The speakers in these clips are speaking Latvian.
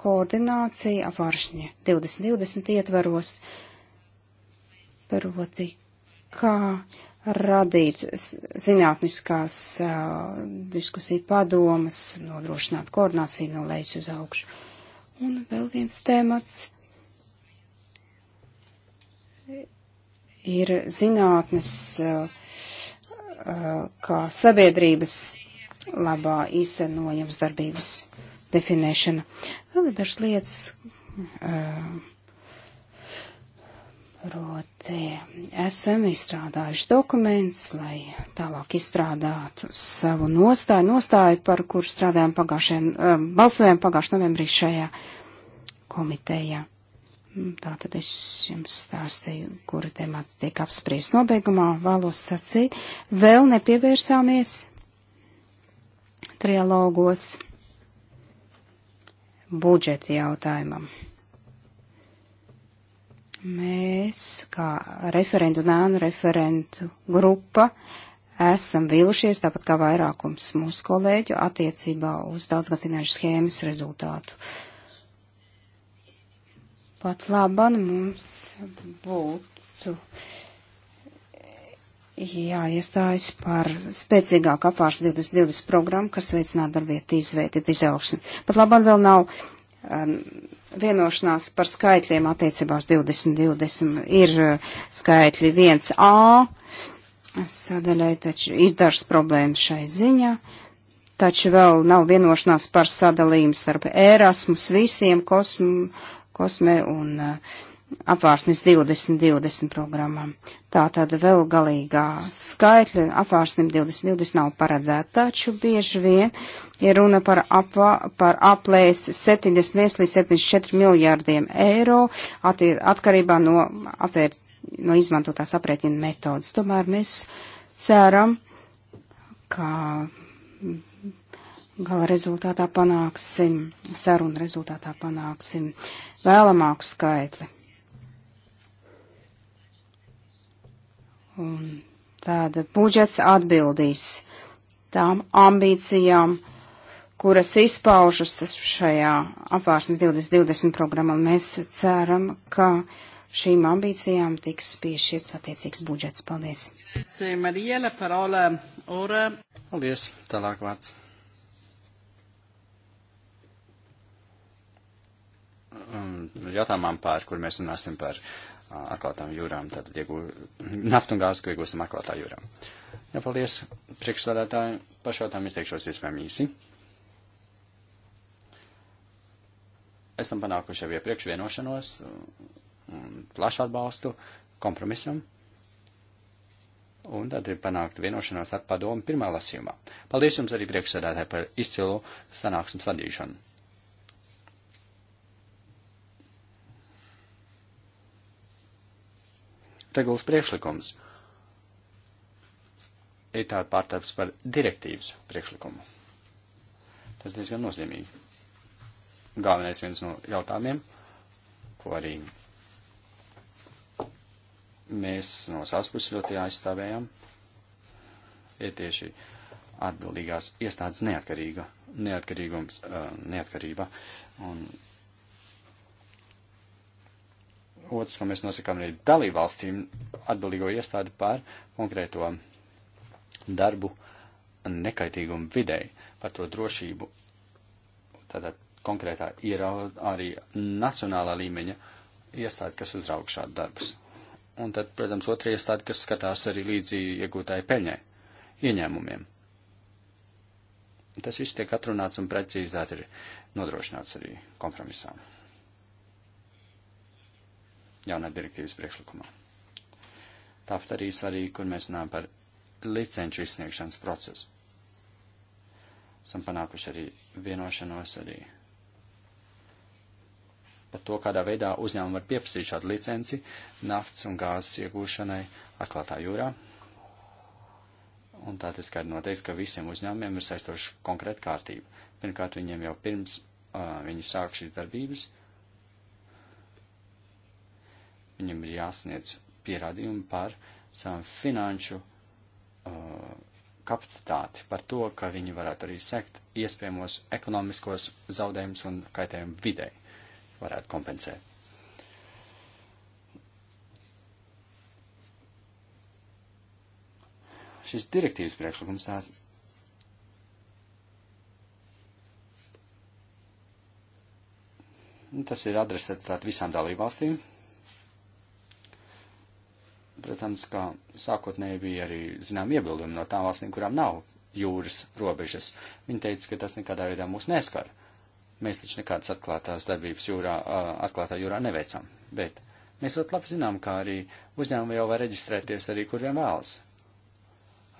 koordinācija apvāršņa 2020 ietvaros, proti, kā radīt zinātniskās uh, diskusiju padomas, nodrošināt koordināciju no lejas uz augšu. Un vēl viens temats ir zinātnes uh, uh, kā sabiedrības labā īstenojams darbības definēšana. Vēl ir dažas lietas, proti, esam izstrādājuši dokumentus, lai tālāk izstrādātu savu nostāju, nostāju, par kur strādājām pagājušajā, balsojām pagājušajā novembrī šajā komitejā. Tā tad es jums stāstīju, kura temata tiek apspriest nobeigumā, vēlos sacīt. Vēl nepievērsāmies trialogos budžeta jautājumam. Mēs, kā referentu un ēnu referentu grupa, esam vīlušies, tāpat kā vairākums mūsu kolēģu, attiecībā uz daudzgad finanšu schēmas rezultātu. Pat labam mums būtu jāiestājas par spēcīgāku apārs 2020 programmu, kas veicinātu darbvietu izveidi, izaugsmi. Pat labāk vēl nav um, vienošanās par skaitļiem attiecībās 2020. Ir uh, skaitļi 1A sadaļai, taču ir dažas problēmas šai ziņā. Taču vēl nav vienošanās par sadalījumu starp Erasmus visiem kosm, kosme un uh, apvārsnes 2020 programmām. Tātad vēl galīgā skaitļa apvārsnim 2020 nav paredzēta, taču bieži vien ir runa par, apvā, par aplēsi 71 līdz 74 miljārdiem eiro attie, atkarībā no, apvēr, no izmantotās aprēķina metodas. Tomēr mēs ceram, ka gala rezultātā panāksim, saruna rezultātā panāksim vēlamāku skaitli. Un tāda budžets atbildīs tām ambīcijām, kuras izpaužas šajā apvārsnes 2020 programmā. Mēs ceram, ka šīm ambīcijām tiks piešķirts attiecīgs budžets. Paldies! Paldies! Tālāk vārds. Um, jautājumam pār, kur mēs runāsim par uh, atklātām jūrām, tātad iegū, naftu un gāzi, ko iegūsim atklātā jūrā. Jā, paldies, priekšstādātāji, par šo tām izteikšos iespējami īsi. Esam panākuši jau iepriekš vienošanos, plašu atbalstu kompromisam, un tad ir panākt vienošanos ar padomu pirmā lasījumā. Paldies jums arī priekšsēdētāji par izcilu sanāksmes vadīšanu. regulas priekšlikums ir tāda pārtaps par direktīvas priekšlikumu. Tas diezgan nozīmīgi. Galvenais viens no jautājumiem, ko arī mēs no savas puses ļoti aizstāvējam, ir tieši atbildīgās iestādes neatkarīga, neatkarīgums, eh, neatkarība. Un otrs, ka mēs nosakām arī dalībvalstīm atbildīgo iestādi par konkrēto darbu nekaitīgumu videi, par to drošību. Tātad konkrētā ir arī nacionālā līmeņa iestāde, kas uzraug šādu darbus. Un tad, protams, otra iestāde, kas skatās arī līdzi iegūtāju peļņai, ieņēmumiem. Tas viss tiek atrunāts un precīzāk ir nodrošināts arī kompromisām jaunā direktīvas priekšlikumā. Tāpat arī svarīgi, kur mēs runājam par licenču izsniegšanas procesu. Esam panākuši arī vienošanos arī par to, kādā veidā uzņēmumi var pieprasīt šādu licenci naftas un gāzes iegūšanai atklātā jūrā. Un tā tas skaidri noteikti, ka visiem uzņēmumiem ir saistoša konkrēta kārtība. Pirmkārt, viņiem jau pirms uh, viņi sāk šīs darbības, uh, Viņam ir jāsniedz pierādījumi par savu finanšu uh, kapacitāti, par to, ka viņi varētu arī sekt iespējamos ekonomiskos zaudējumus un kaitējumu videi varētu kompensēt. Šis direktīvas priekšlikums tā nu, tas ir adresēts tātad visām dalībvalstīm, Protams, ka sākotnēji bija arī, zinām, iebildumi no tām valstīm, kurām nav jūras robežas. Viņi teica, ka tas nekādā veidā mūs neskar. Mēs taču nekādas atklātās darbības jūrā, atklātā jūrā neveicam. Bet mēs ļoti labi zinām, ka arī uzņēmumi jau var reģistrēties arī, kur vien vēlas.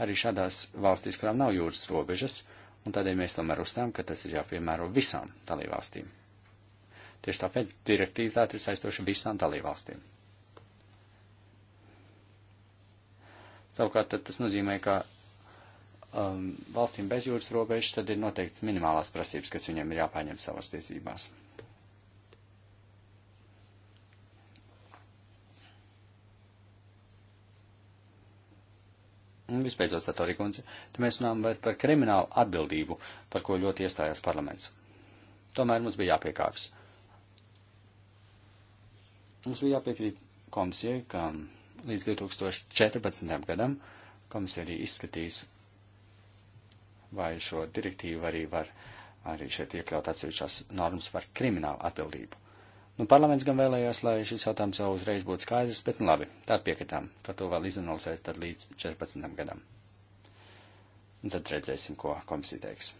Arī šādās valstīs, kurām nav jūras robežas, un tādēļ mēs tomēr uzstām, ka tas ir jāpiemēro visām dalībvalstīm. Tieši tāpēc direktīva tā ir saistoša visām dalībvalstīm. Savukārt tas nozīmē, ka um, valstīm bez jūras robežas tad ir noteikts minimālās prasības, kas viņiem ir jāpaņem savas tiesībās. Vispēcot, Satori kundze, tad mēs runājam par kriminālu atbildību, par ko ļoti iestājās parlaments. Tomēr mums bija jāpiekāps. Mums bija jāpiekrīt komisijai, ka līdz 2014. gadam komisija arī izskatīs, vai šo direktīvu arī var arī šeit iekļaut atsevišķās normas par kriminālu atbildību. Nu, parlaments gan vēlējās, lai šis jautājums jau uzreiz būtu skaidrs, bet nu labi, tā piekritām, ka to vēl izanalizēs tad līdz 14. gadam. Un tad redzēsim, ko komisija teiks.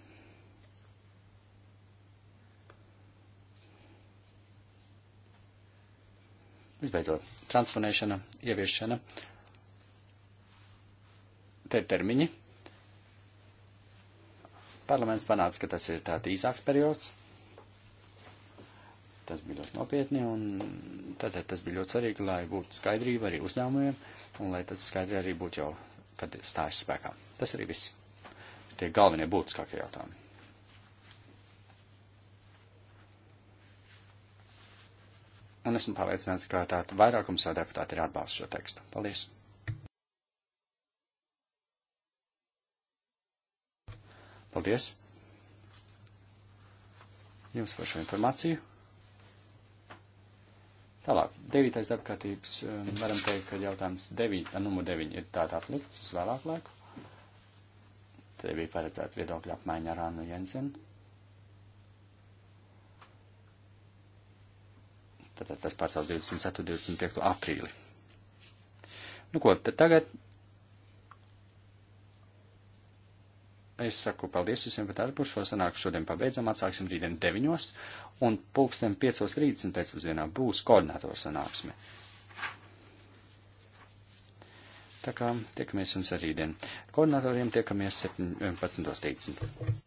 Visbeidzot, transponēšana, ieviešana, te termiņi. Parlaments panāca, ka tas ir tāds īsāks periods. Tas bija ļoti nopietni, un tad, tad tas bija ļoti svarīgi, lai būtu skaidrība arī uzņēmumiem, un lai tas skaidri arī būtu jau, kad stājas spēkā. Tas arī viss. Tie galvenie būtiskākie jautājumi. un esmu pārliecināts, ka tāda vairākums jau deputāti ir atbalsts šo tekstu. Paldies! Paldies! Jums par šo informāciju. Tālāk, devītais darbkārtības, um, varam teikt, ka jautājums devīt, numur deviņi ir tādā atlikts uz vēlāku laiku. Te bija paredzēta viedokļa apmaiņa ar Annu Jensenu. Tātad tas pārstāv 24. un 25. aprīli. Nu ko, tad tagad es saku paldies visiem par darbu. Šo sanāku šodien pabeidzam, atsāksim rītdien 9. un pulksten 5.30 pēcpusdienā būs koordinātora sanāksme. Tā kā tiekamies jums arī rītdien. Koordinatoriem tiekamies 17.30.